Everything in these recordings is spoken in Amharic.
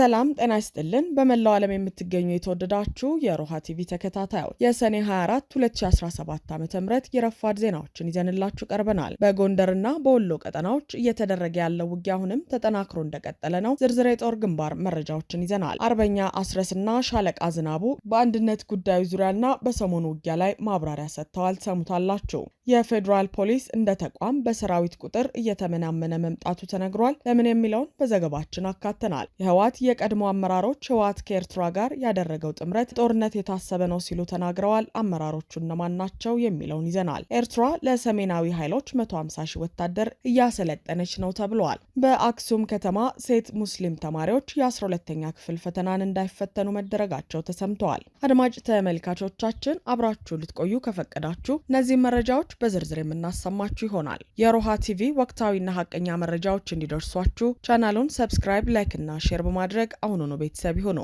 ሰላም ጤና ይስጥልን። በመላው ዓለም የምትገኙ የተወደዳችሁ የሮሃ ቲቪ ተከታታዮች የሰኔ 24 2017 ዓ ም የረፋድ ዜናዎችን ይዘንላችሁ ቀርበናል። በጎንደርና በወሎ ቀጠናዎች እየተደረገ ያለው ውጊያ አሁንም ተጠናክሮ እንደቀጠለ ነው። ዝርዝር የጦር ግንባር መረጃዎችን ይዘናል። አርበኛ አስረስና ሻለቃ ዝናቡ በአንድነት ጉዳዩ ዙሪያና በሰሞኑ ውጊያ ላይ ማብራሪያ ሰጥተዋል። ሰሙታላችሁ። የፌዴራል ፖሊስ እንደ ተቋም በሰራዊት ቁጥር እየተመናመነ መምጣቱ ተነግሯል። ለምን የሚለውን በዘገባችን አካተናል። የህወሓት የቀድሞ አመራሮች ህወሓት ከኤርትራ ጋር ያደረገው ጥምረት ጦርነት የታሰበ ነው ሲሉ ተናግረዋል። አመራሮቹ እነማን ናቸው የሚለውን ይዘናል። ኤርትራ ለሰሜናዊ ኃይሎች 150 ሺህ ወታደር እያሰለጠነች ነው ተብለዋል። በአክሱም ከተማ ሴት ሙስሊም ተማሪዎች የ12ተኛ ክፍል ፈተናን እንዳይፈተኑ መደረጋቸው ተሰምተዋል። አድማጭ ተመልካቾቻችን አብራችሁ ልትቆዩ ከፈቀዳችሁ እነዚህም መረጃዎች በዝርዝር የምናሰማችሁ ይሆናል። የሮሃ ቲቪ ወቅታዊና ሀቀኛ መረጃዎች እንዲደርሷችሁ ቻናሉን ሰብስክራይብ፣ ላይክ እና ሼር በማድረግ በማድረግ አሁኑኑ ቤተሰብ ይሁኑ።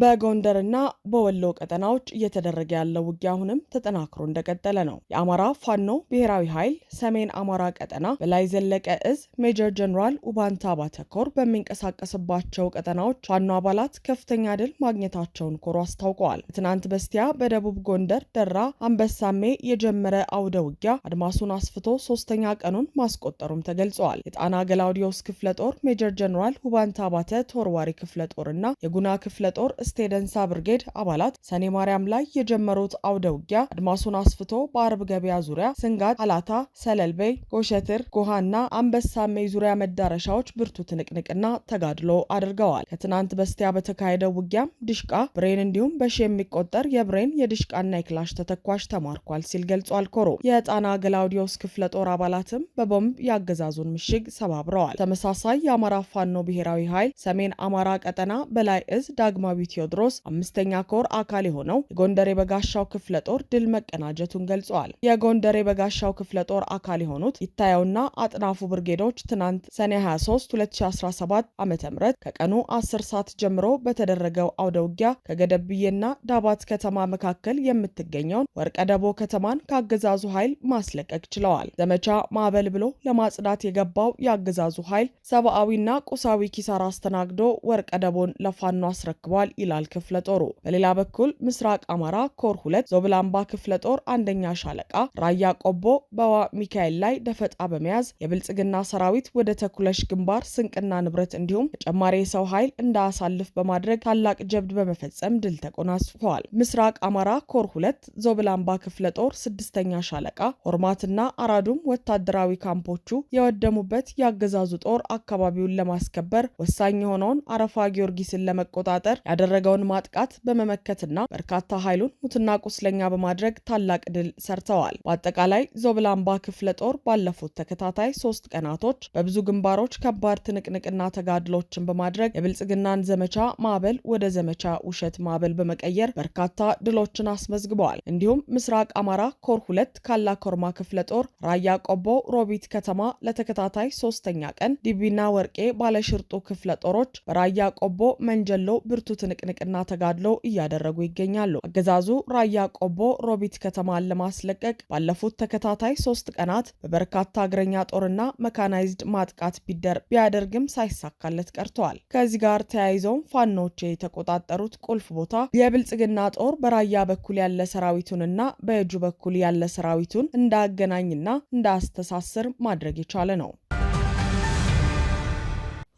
በጎንደርና በወሎ ቀጠናዎች እየተደረገ ያለው ውጊያ አሁንም ተጠናክሮ እንደቀጠለ ነው። የአማራ ፋኖ ብሔራዊ ኃይል ሰሜን አማራ ቀጠና በላይ ዘለቀ እዝ ሜጀር ጀኔራል ኡባንታ ባተኮር በሚንቀሳቀስባቸው ቀጠናዎች ፋኖ አባላት ከፍተኛ ድል ማግኘታቸውን ኮሮ አስታውቀዋል። ትናንት በስቲያ በደቡብ ጎንደር ደራ አንበሳሜ የጀመረ አውደ ውጊያ አድማሱን አስፍቶ ሶስተኛ ቀኑን ማስቆጠሩም ተገልጸዋል። የጣና ገላውዲዮስ ክፍለ ጦር ሜጀር ጀኔራል ኡባንታ ባተ ተወርዋሪ ክፍለ ጦር እና የጉና ክፍለ ጦር ስቴደንሳ ብርጌድ አባላት ሰኔ ማርያም ላይ የጀመሩት አውደ ውጊያ አድማሱን አስፍቶ በአርብ ገበያ ዙሪያ ስንጋት፣ አላታ፣ ሰለልቤይ፣ ጎሸትር፣ ጎሃና አንበሳሜ ዙሪያ መዳረሻዎች ብርቱ ትንቅንቅና ተጋድሎ አድርገዋል። ከትናንት በስቲያ በተካሄደው ውጊያም ድሽቃ ብሬን እንዲሁም በሺ የሚቆጠር የብሬን የድሽቃና የክላሽ ተተኳሽ ተማርኳል ሲል ገልጿል። ኮሮ የጣና ገላውዲዮስ ክፍለ ጦር አባላትም በቦምብ ያገዛዙን ምሽግ ሰባብረዋል። ተመሳሳይ የአማራ ፋኖ ብሔራዊ ኃይል ሰሜን አማራ ቀጠና በላይ እዝ ዳግማዊ ቴዎድሮስ አምስተኛ ኮር አካል የሆነው የጎንደር የበጋሻው ክፍለ ጦር ድል መቀናጀቱን ገልጸዋል። የጎንደር የበጋሻው ክፍለ ጦር አካል የሆኑት ይታየውና አጥናፉ ብርጌዶች ትናንት ሰኔ 23 2017 ዓ ም ከቀኑ 10 ሰዓት ጀምሮ በተደረገው አውደ ውጊያ ከገደብዬና ዳባት ከተማ መካከል የምትገኘውን ወርቀ ደቦ ከተማን ከአገዛዙ ኃይል ማስለቀቅ ችለዋል። ዘመቻ ማዕበል ብሎ ለማጽዳት የገባው የአገዛዙ ኃይል ሰብአዊና ቁሳዊ ኪሳራ አስተናግዶ ወርቀ ደቦን ለፋኖ አስረክቧል ይላል ክፍለ ጦሩ። በሌላ በኩል ምስራቅ አማራ ኮር ሁለት ዞብላምባ ክፍለ ጦር አንደኛ ሻለቃ ራያ ቆቦ በዋ ሚካኤል ላይ ደፈጣ በመያዝ የብልጽግና ሰራዊት ወደ ተኩለሽ ግንባር ስንቅና ንብረት እንዲሁም ተጨማሪ የሰው ኃይል እንዳያሳልፍ በማድረግ ታላቅ ጀብድ በመፈጸም ድል ተጎናጽፈዋል። ምስራቅ አማራ ኮር ሁለት ዞብላምባ ክፍለ ጦር ስድስተኛ ሻለቃ ሆርማትና አራዱም ወታደራዊ ካምፖቹ የወደሙበት የአገዛዙ ጦር አካባቢውን ለማስከበር ወሳኝ የሆነውን አረፋ ጊዮርጊስን ለመቆጣጠር ያደ የተደረገውን ማጥቃት በመመከትና በርካታ ኃይሉን ሙትና ቁስለኛ በማድረግ ታላቅ ድል ሰርተዋል። በአጠቃላይ ዞብላምባ ክፍለ ጦር ባለፉት ተከታታይ ሶስት ቀናቶች በብዙ ግንባሮች ከባድ ትንቅንቅና ተጋድሎችን በማድረግ የብልጽግናን ዘመቻ ማዕበል ወደ ዘመቻ ውሸት ማዕበል በመቀየር በርካታ ድሎችን አስመዝግበዋል። እንዲሁም ምስራቅ አማራ ኮር ሁለት ካላ ኮርማ ክፍለ ጦር ራያ ቆቦ ሮቢት ከተማ ለተከታታይ ሶስተኛ ቀን ዲቢና ወርቄ ባለሽርጡ ክፍለ ጦሮች በራያ ቆቦ መንጀሎ ብርቱ ትንቅ ትንቅንቅና ተጋድሎ እያደረጉ ይገኛሉ። አገዛዙ ራያ ቆቦ ሮቢት ከተማን ለማስለቀቅ ባለፉት ተከታታይ ሶስት ቀናት በበርካታ እግረኛ ጦርና መካናይዝድ ማጥቃት ቢደር ቢያደርግም ሳይሳካለት ቀርተዋል። ከዚህ ጋር ተያይዘውም ፋኖች የተቆጣጠሩት ቁልፍ ቦታ የብልጽግና ጦር በራያ በኩል ያለ ሰራዊቱንና በእጁ በኩል ያለ ሰራዊቱን እንዳገናኝና እንዳስተሳስር ማድረግ የቻለ ነው።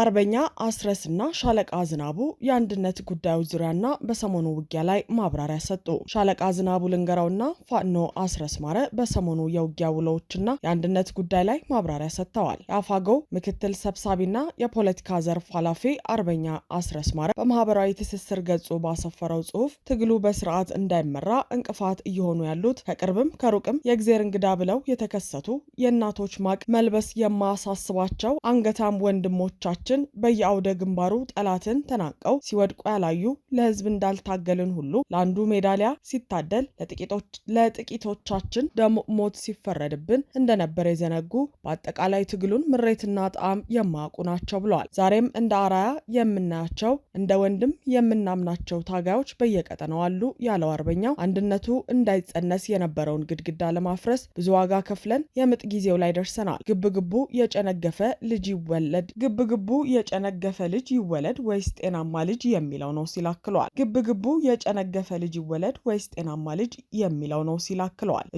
አርበኛ አስረስና ሻለቃ ዝናቡ የአንድነት ጉዳዮች ዙሪያና በሰሞኑ ውጊያ ላይ ማብራሪያ ሰጡ። ሻለቃ ዝናቡ ልንገራውና ፋኖ አስረስ ማረ በሰሞኑ የውጊያ ውሎዎችና የአንድነት ጉዳይ ላይ ማብራሪያ ሰጥተዋል። የአፋገው ምክትል ሰብሳቢና የፖለቲካ ዘርፍ ኃላፊ አርበኛ አስረስ ማረ በማህበራዊ ትስስር ገጹ ባሰፈረው ጽሁፍ ትግሉ በስርዓት እንዳይመራ እንቅፋት እየሆኑ ያሉት ከቅርብም ከሩቅም የእግዜር እንግዳ ብለው የተከሰቱ የእናቶች ማቅ መልበስ የማያሳስባቸው አንገታም ወንድሞቻቸው ኃይሎቻችን በየአውደ ግንባሩ ጠላትን ተናቀው ሲወድቁ ያላዩ ለህዝብ እንዳልታገልን ሁሉ ለአንዱ ሜዳሊያ ሲታደል ለጥቂቶቻችን ደሞ ሞት ሲፈረድብን እንደነበር የዘነጉ በአጠቃላይ ትግሉን ምሬትና ጣዕም የማያውቁ ናቸው ብለዋል። ዛሬም እንደ አራያ የምናያቸው እንደ ወንድም የምናምናቸው ታጋዮች በየቀጠናው አሉ ያለው አርበኛው አንድነቱ እንዳይጸነስ የነበረውን ግድግዳ ለማፍረስ ብዙ ዋጋ ከፍለን የምጥ ጊዜው ላይ ደርሰናል። ግብግቡ የጨነገፈ ልጅ ይወለድ ግብግቡ የጨነገፈ ልጅ ይወለድ ወይስ ጤናማ ልጅ የሚለው ነው ሲል አክለዋል። የጨነገፈ ልጅ ይወለድ ወይስ ጤናማ ልጅ የሚለው ነው ሲል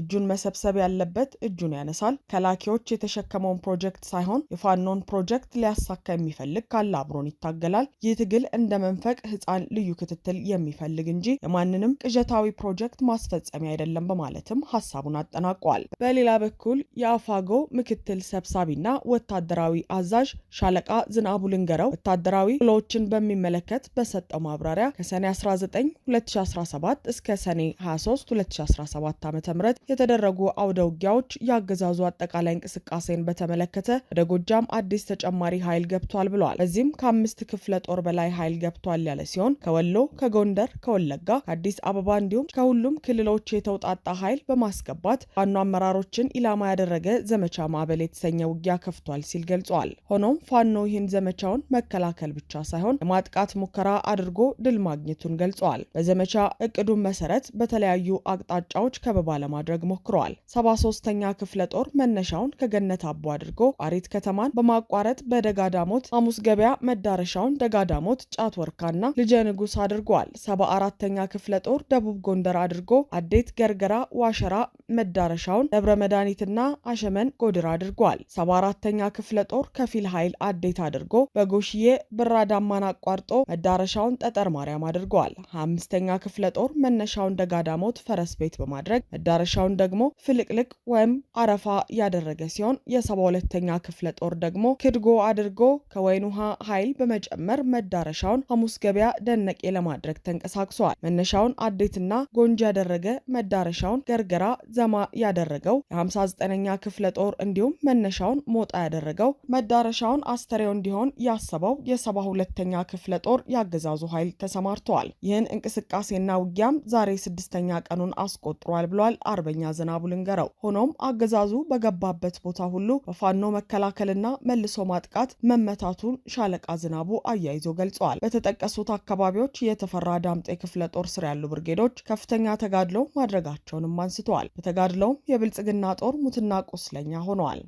እጁን መሰብሰብ ያለበት እጁን ያነሳል። ከላኪዎች የተሸከመውን ፕሮጀክት ሳይሆን የፋኖን ፕሮጀክት ሊያሳካ የሚፈልግ ካለ አብሮን ይታገላል። ይህ ትግል እንደ መንፈቅ ህፃን ልዩ ክትትል የሚፈልግ እንጂ የማንንም ቅዠታዊ ፕሮጀክት ማስፈጸሚያ አይደለም በማለትም ሀሳቡን አጠናቋል። በሌላ በኩል የአፋጎ ምክትል ሰብሳቢና ወታደራዊ አዛዥ ሻለቃ ዝና አቡልንገረው ወታደራዊ ውሎችን በሚመለከት በሰጠው ማብራሪያ ከሰኔ 19 2017 እስከ ሰኔ 23 2017 ዓ.ም የተደረጉ አውደ ውጊያዎች የአገዛዙ አጠቃላይ እንቅስቃሴን በተመለከተ ወደ ጎጃም አዲስ ተጨማሪ ኃይል ገብቷል ብለዋል። በዚህም ከአምስት ክፍለ ጦር በላይ ኃይል ገብቷል ያለ ሲሆን ከወሎ፣ ከጎንደር፣ ከወለጋ፣ ከአዲስ አበባ እንዲሁም ከሁሉም ክልሎች የተውጣጣ ኃይል በማስገባት ፋኖ አመራሮችን ኢላማ ያደረገ ዘመቻ ማዕበል የተሰኘ ውጊያ ከፍቷል ሲል ገልጿል። ሆኖም ፋኖ ይህን ዘመቻውን መከላከል ብቻ ሳይሆን የማጥቃት ሙከራ አድርጎ ድል ማግኘቱን ገልጸዋል። በዘመቻ እቅዱን መሰረት በተለያዩ አቅጣጫዎች ከበባ ለማድረግ ሞክረዋል። ሰባ ሶስተኛ ክፍለ ጦር መነሻውን ከገነት አቦ አድርጎ ቋሪት ከተማን በማቋረጥ በደጋዳሞት ሐሙስ ገበያ መዳረሻውን ደጋዳሞት ጫት ወርካና ልጀ ንጉስ አድርጓል። ሰባ አራተኛ ክፍለ ጦር ደቡብ ጎንደር አድርጎ አዴት ገርገራ ዋሸራ መዳረሻውን ደብረ መድኃኒትና አሸመን ጎድር አድርጓል። ሰባ አራተኛ ክፍለ ጦር ከፊል ኃይል አዴት አድርጓል። አድርጎ በጎሽዬ ብራዳማን አቋርጦ መዳረሻውን ጠጠር ማርያም አድርገዋል። አምስተኛ ክፍለ ጦር መነሻውን ደጋዳሞት ፈረስ ቤት በማድረግ መዳረሻውን ደግሞ ፍልቅልቅ ወይም አረፋ ያደረገ ሲሆን የሰባ ሁለተኛ ክፍለ ጦር ደግሞ ክድጎ አድርጎ ከወይን ውሃ ኃይል በመጨመር መዳረሻውን ሐሙስ ገበያ ደነቄ ለማድረግ ተንቀሳቅሷል። መነሻውን አዴትና ጎንጅ ያደረገ መዳረሻውን ገርገራ ዘማ ያደረገው የ59ኛ ክፍለ ጦር እንዲሁም መነሻውን ሞጣ ያደረገው መዳረሻውን አስተሬው እንዲሆን ያሰበው የሰባ ሁለተኛ ክፍለ ጦር የአገዛዙ ኃይል ተሰማርተዋል። ይህን እንቅስቃሴና ውጊያም ዛሬ ስድስተኛ ቀኑን አስቆጥሯል ብሏል አርበኛ ዝናቡ ልንገረው። ሆኖም አገዛዙ በገባበት ቦታ ሁሉ በፋኖ መከላከልና መልሶ ማጥቃት መመታቱን ሻለቃ ዝናቡ አያይዞ ገልጸዋል። በተጠቀሱት አካባቢዎች የተፈራ ዳምጤ ክፍለ ጦር ስር ያሉ ብርጌዶች ከፍተኛ ተጋድሎ ማድረጋቸውንም አንስተዋል። በተጋድለውም የብልጽግና ጦር ሙትና ቁስለኛ ሆነዋል።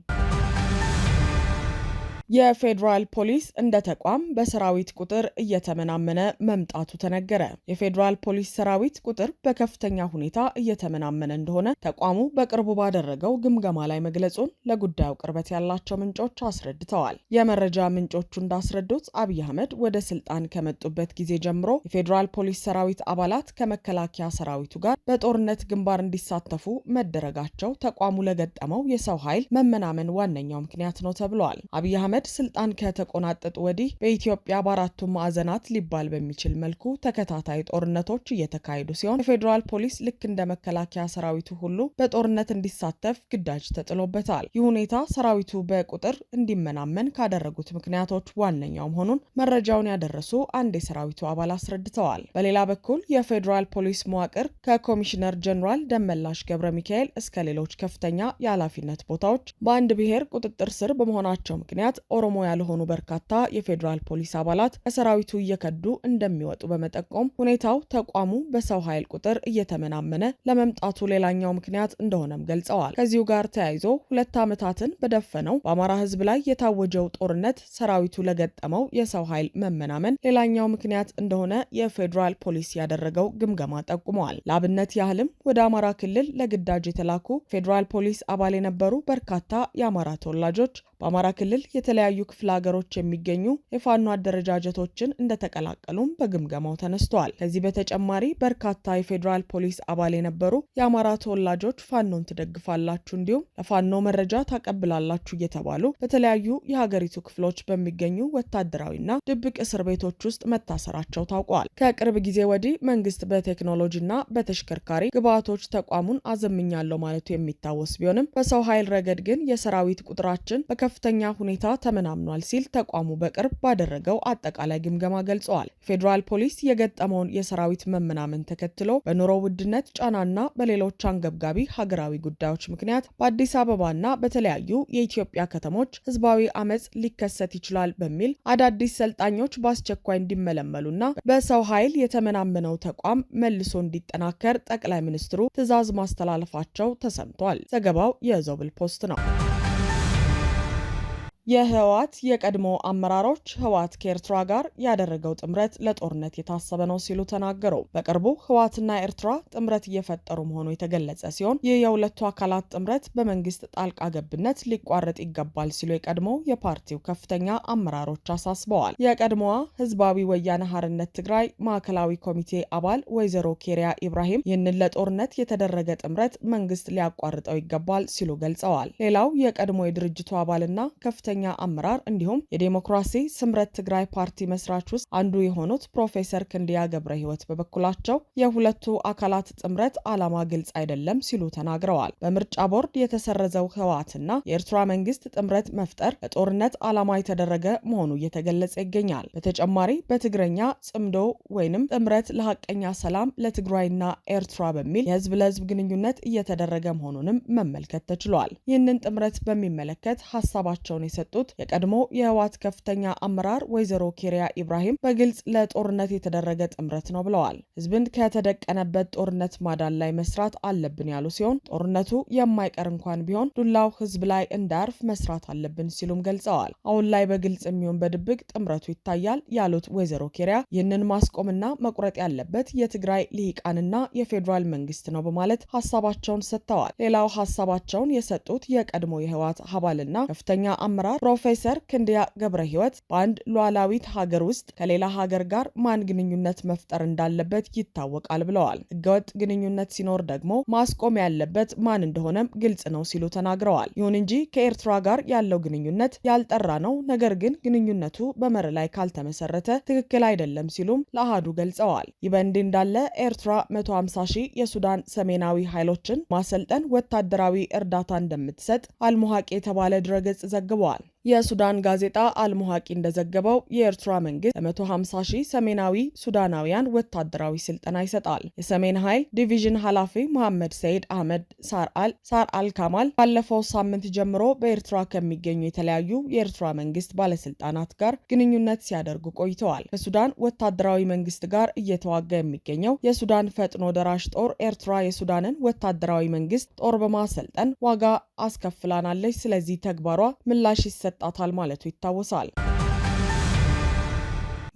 የፌዴራል ፖሊስ እንደ ተቋም በሰራዊት ቁጥር እየተመናመነ መምጣቱ ተነገረ። የፌዴራል ፖሊስ ሰራዊት ቁጥር በከፍተኛ ሁኔታ እየተመናመነ እንደሆነ ተቋሙ በቅርቡ ባደረገው ግምገማ ላይ መግለጹን ለጉዳዩ ቅርበት ያላቸው ምንጮች አስረድተዋል። የመረጃ ምንጮቹ እንዳስረዱት አብይ አህመድ ወደ ስልጣን ከመጡበት ጊዜ ጀምሮ የፌዴራል ፖሊስ ሰራዊት አባላት ከመከላከያ ሰራዊቱ ጋር በጦርነት ግንባር እንዲሳተፉ መደረጋቸው ተቋሙ ለገጠመው የሰው ኃይል መመናመን ዋነኛው ምክንያት ነው ተብሏል። አብይ አህመድ አህመድ ስልጣን ከተቆናጠጡ ወዲህ በኢትዮጵያ በአራቱ ማዕዘናት ሊባል በሚችል መልኩ ተከታታይ ጦርነቶች እየተካሄዱ ሲሆን የፌዴራል ፖሊስ ልክ እንደ መከላከያ ሰራዊቱ ሁሉ በጦርነት እንዲሳተፍ ግዳጅ ተጥሎበታል። ይህ ሁኔታ ሰራዊቱ በቁጥር እንዲመናመን ካደረጉት ምክንያቶች ዋነኛው መሆኑን መረጃውን ያደረሱ አንድ የሰራዊቱ አባል አስረድተዋል። በሌላ በኩል የፌዴራል ፖሊስ መዋቅር ከኮሚሽነር ጀኔራል ደመላሽ ገብረ ሚካኤል እስከ ሌሎች ከፍተኛ የኃላፊነት ቦታዎች በአንድ ብሔር ቁጥጥር ስር በመሆናቸው ምክንያት ኦሮሞ ያልሆኑ በርካታ የፌዴራል ፖሊስ አባላት ከሰራዊቱ እየከዱ እንደሚወጡ በመጠቆም ሁኔታው ተቋሙ በሰው ኃይል ቁጥር እየተመናመነ ለመምጣቱ ሌላኛው ምክንያት እንደሆነም ገልጸዋል። ከዚሁ ጋር ተያይዞ ሁለት ዓመታትን በደፈነው በአማራ ሕዝብ ላይ የታወጀው ጦርነት ሰራዊቱ ለገጠመው የሰው ኃይል መመናመን ሌላኛው ምክንያት እንደሆነ የፌዴራል ፖሊስ ያደረገው ግምገማ ጠቁመዋል። ለአብነት ያህልም ወደ አማራ ክልል ለግዳጅ የተላኩ ፌዴራል ፖሊስ አባል የነበሩ በርካታ የአማራ ተወላጆች በአማራ ክልል የተለያዩ ክፍለ ሀገሮች የሚገኙ የፋኖ አደረጃጀቶችን እንደተቀላቀሉም በግምገማው ተነስተዋል። ከዚህ በተጨማሪ በርካታ የፌዴራል ፖሊስ አባል የነበሩ የአማራ ተወላጆች ፋኖን ትደግፋላችሁ፣ እንዲሁም ለፋኖ መረጃ ታቀብላላችሁ እየተባሉ በተለያዩ የሀገሪቱ ክፍሎች በሚገኙ ወታደራዊና ድብቅ እስር ቤቶች ውስጥ መታሰራቸው ታውቋል። ከቅርብ ጊዜ ወዲህ መንግስት በቴክኖሎጂና በተሽከርካሪ ግብዓቶች ተቋሙን አዘምኛለሁ ማለቱ የሚታወስ ቢሆንም በሰው ኃይል ረገድ ግን የሰራዊት ቁጥራችን በከ በከፍተኛ ሁኔታ ተመናምኗል ሲል ተቋሙ በቅርብ ባደረገው አጠቃላይ ግምገማ ገልጸዋል። ፌዴራል ፖሊስ የገጠመውን የሰራዊት መመናመን ተከትሎ በኑሮ ውድነት ጫናና በሌሎች አንገብጋቢ ሀገራዊ ጉዳዮች ምክንያት በአዲስ አበባና በተለያዩ የኢትዮጵያ ከተሞች ህዝባዊ አመፅ ሊከሰት ይችላል በሚል አዳዲስ ሰልጣኞች በአስቸኳይ እንዲመለመሉና በሰው ኃይል የተመናመነው ተቋም መልሶ እንዲጠናከር ጠቅላይ ሚኒስትሩ ትዕዛዝ ማስተላለፋቸው ተሰምቷል። ዘገባው የዞብል ፖስት ነው። የህወሓት የቀድሞ አመራሮች ህወሓት ከኤርትራ ጋር ያደረገው ጥምረት ለጦርነት የታሰበ ነው ሲሉ ተናገሩ። በቅርቡ ህወሓትና ኤርትራ ጥምረት እየፈጠሩ መሆኑ የተገለጸ ሲሆን ይህ የሁለቱ አካላት ጥምረት በመንግስት ጣልቃ ገብነት ሊቋረጥ ይገባል ሲሉ የቀድሞ የፓርቲው ከፍተኛ አመራሮች አሳስበዋል። የቀድሞዋ ህዝባዊ ወያነ ሓርነት ትግራይ ማዕከላዊ ኮሚቴ አባል ወይዘሮ ኬሪያ ኢብራሂም ይህንን ለጦርነት የተደረገ ጥምረት መንግስት ሊያቋርጠው ይገባል ሲሉ ገልጸዋል። ሌላው የቀድሞ የድርጅቱ አባልና ከፍተኛ ከፍተኛ አመራር እንዲሁም የዴሞክራሲ ስምረት ትግራይ ፓርቲ መስራች ውስጥ አንዱ የሆኑት ፕሮፌሰር ክንድያ ገብረ ህይወት በበኩላቸው የሁለቱ አካላት ጥምረት ዓላማ ግልጽ አይደለም ሲሉ ተናግረዋል። በምርጫ ቦርድ የተሰረዘው ህወሓትና የኤርትራ መንግስት ጥምረት መፍጠር ለጦርነት ዓላማ የተደረገ መሆኑ እየተገለጸ ይገኛል። በተጨማሪ በትግረኛ ጽምዶ ወይንም ጥምረት ለሀቀኛ ሰላም ለትግራይና ኤርትራ በሚል የህዝብ ለህዝብ ግንኙነት እየተደረገ መሆኑንም መመልከት ተችሏል። ይህንን ጥምረት በሚመለከት ሀሳባቸውን የሰ የሰጡት የቀድሞ የህወሓት ከፍተኛ አመራር ወይዘሮ ኬሪያ ኢብራሂም በግልጽ ለጦርነት የተደረገ ጥምረት ነው ብለዋል። ህዝብን ከተደቀነበት ጦርነት ማዳን ላይ መስራት አለብን ያሉ ሲሆን ጦርነቱ የማይቀር እንኳን ቢሆን ዱላው ህዝብ ላይ እንዳርፍ መስራት አለብን ሲሉም ገልጸዋል። አሁን ላይ በግልጽ የሚሆን በድብቅ ጥምረቱ ይታያል ያሉት ወይዘሮ ኬሪያ ይህንን ማስቆምና መቁረጥ ያለበት የትግራይ ልሂቃንና የፌዴራል መንግስት ነው በማለት ሀሳባቸውን ሰጥተዋል። ሌላው ሀሳባቸውን የሰጡት የቀድሞ የህወሓት አባልና ከፍተኛ አመራር ፕሮፌሰር ክንድያ ገብረ ሕይወት በአንድ ሉዓላዊት ሀገር ውስጥ ከሌላ ሀገር ጋር ማን ግንኙነት መፍጠር እንዳለበት ይታወቃል ብለዋል። ህገወጥ ግንኙነት ሲኖር ደግሞ ማስቆም ያለበት ማን እንደሆነም ግልጽ ነው ሲሉ ተናግረዋል። ይሁን እንጂ ከኤርትራ ጋር ያለው ግንኙነት ያልጠራ ነው፣ ነገር ግን ግንኙነቱ በመር ላይ ካልተመሰረተ ትክክል አይደለም ሲሉም ለአሃዱ ገልጸዋል። ይህ በእንዲህ እንዳለ ኤርትራ 150 ሺህ የሱዳን ሰሜናዊ ኃይሎችን ማሰልጠን ወታደራዊ እርዳታ እንደምትሰጥ አልሙሐቅ የተባለ ድረገጽ ዘግቧል። that. የሱዳን ጋዜጣ አልሙሐቂ እንደዘገበው የኤርትራ መንግስት ለ150 ሺህ ሰሜናዊ ሱዳናውያን ወታደራዊ ስልጠና ይሰጣል። የሰሜን ኃይል ዲቪዥን ኃላፊ መሐመድ ሰይድ አህመድ ሳርአል ሳርአል ካማል ባለፈው ሳምንት ጀምሮ በኤርትራ ከሚገኙ የተለያዩ የኤርትራ መንግስት ባለስልጣናት ጋር ግንኙነት ሲያደርጉ ቆይተዋል። ከሱዳን ወታደራዊ መንግስት ጋር እየተዋጋ የሚገኘው የሱዳን ፈጥኖ ደራሽ ጦር ኤርትራ የሱዳንን ወታደራዊ መንግስት ጦር በማሰልጠን ዋጋ አስከፍላናለች፣ ስለዚህ ተግባሯ ምላሽ ይሰ ይሰጣታል ማለቱ ይታወሳል።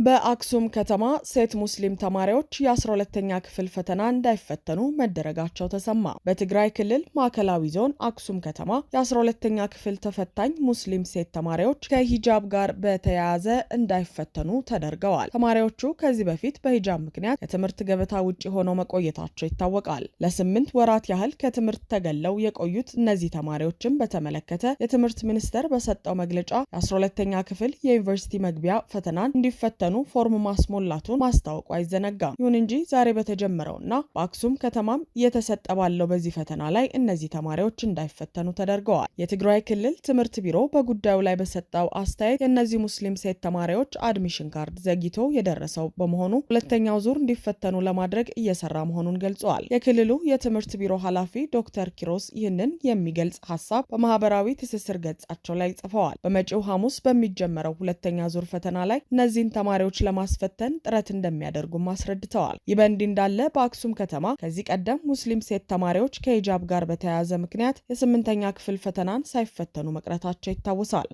በአክሱም ከተማ ሴት ሙስሊም ተማሪዎች የ12ተኛ ክፍል ፈተና እንዳይፈተኑ መደረጋቸው ተሰማ። በትግራይ ክልል ማዕከላዊ ዞን አክሱም ከተማ የ12ተኛ ክፍል ተፈታኝ ሙስሊም ሴት ተማሪዎች ከሂጃብ ጋር በተያያዘ እንዳይፈተኑ ተደርገዋል። ተማሪዎቹ ከዚህ በፊት በሂጃብ ምክንያት ከትምህርት ገበታ ውጭ ሆነው መቆየታቸው ይታወቃል። ለስምንት ወራት ያህል ከትምህርት ተገለው የቆዩት እነዚህ ተማሪዎችን በተመለከተ የትምህርት ሚኒስቴር በሰጠው መግለጫ የ12ተኛ ክፍል የዩኒቨርሲቲ መግቢያ ፈተናን እንዲፈተኑ እንዲፈተኑ ፎርም ማስሞላቱን ማስታወቁ አይዘነጋም። ይሁን እንጂ ዛሬ በተጀመረውና በአክሱም ከተማም እየተሰጠ ባለው በዚህ ፈተና ላይ እነዚህ ተማሪዎች እንዳይፈተኑ ተደርገዋል። የትግራይ ክልል ትምህርት ቢሮ በጉዳዩ ላይ በሰጠው አስተያየት የእነዚህ ሙስሊም ሴት ተማሪዎች አድሚሽን ካርድ ዘግይቶ የደረሰው በመሆኑ ሁለተኛው ዙር እንዲፈተኑ ለማድረግ እየሰራ መሆኑን ገልጸዋል። የክልሉ የትምህርት ቢሮ ኃላፊ ዶክተር ኪሮስ ይህንን የሚገልጽ ሀሳብ በማህበራዊ ትስስር ገጻቸው ላይ ጽፈዋል። በመጪው ሐሙስ በሚጀመረው ሁለተኛ ዙር ፈተና ላይ እነዚህን ተማ ተማሪዎች ለማስፈተን ጥረት እንደሚያደርጉም አስረድተዋል። ይህ በእንዲህ እንዳለ በአክሱም ከተማ ከዚህ ቀደም ሙስሊም ሴት ተማሪዎች ከሂጃብ ጋር በተያያዘ ምክንያት የስምንተኛ ክፍል ፈተናን ሳይፈተኑ መቅረታቸው ይታወሳል።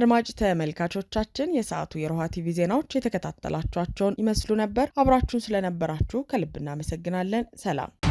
አድማጭ ተመልካቾቻችን የሰዓቱ የሮሃ ቲቪ ዜናዎች የተከታተላችኋቸውን ይመስሉ ነበር። አብራችሁን ስለነበራችሁ ከልብ እናመሰግናለን። ሰላም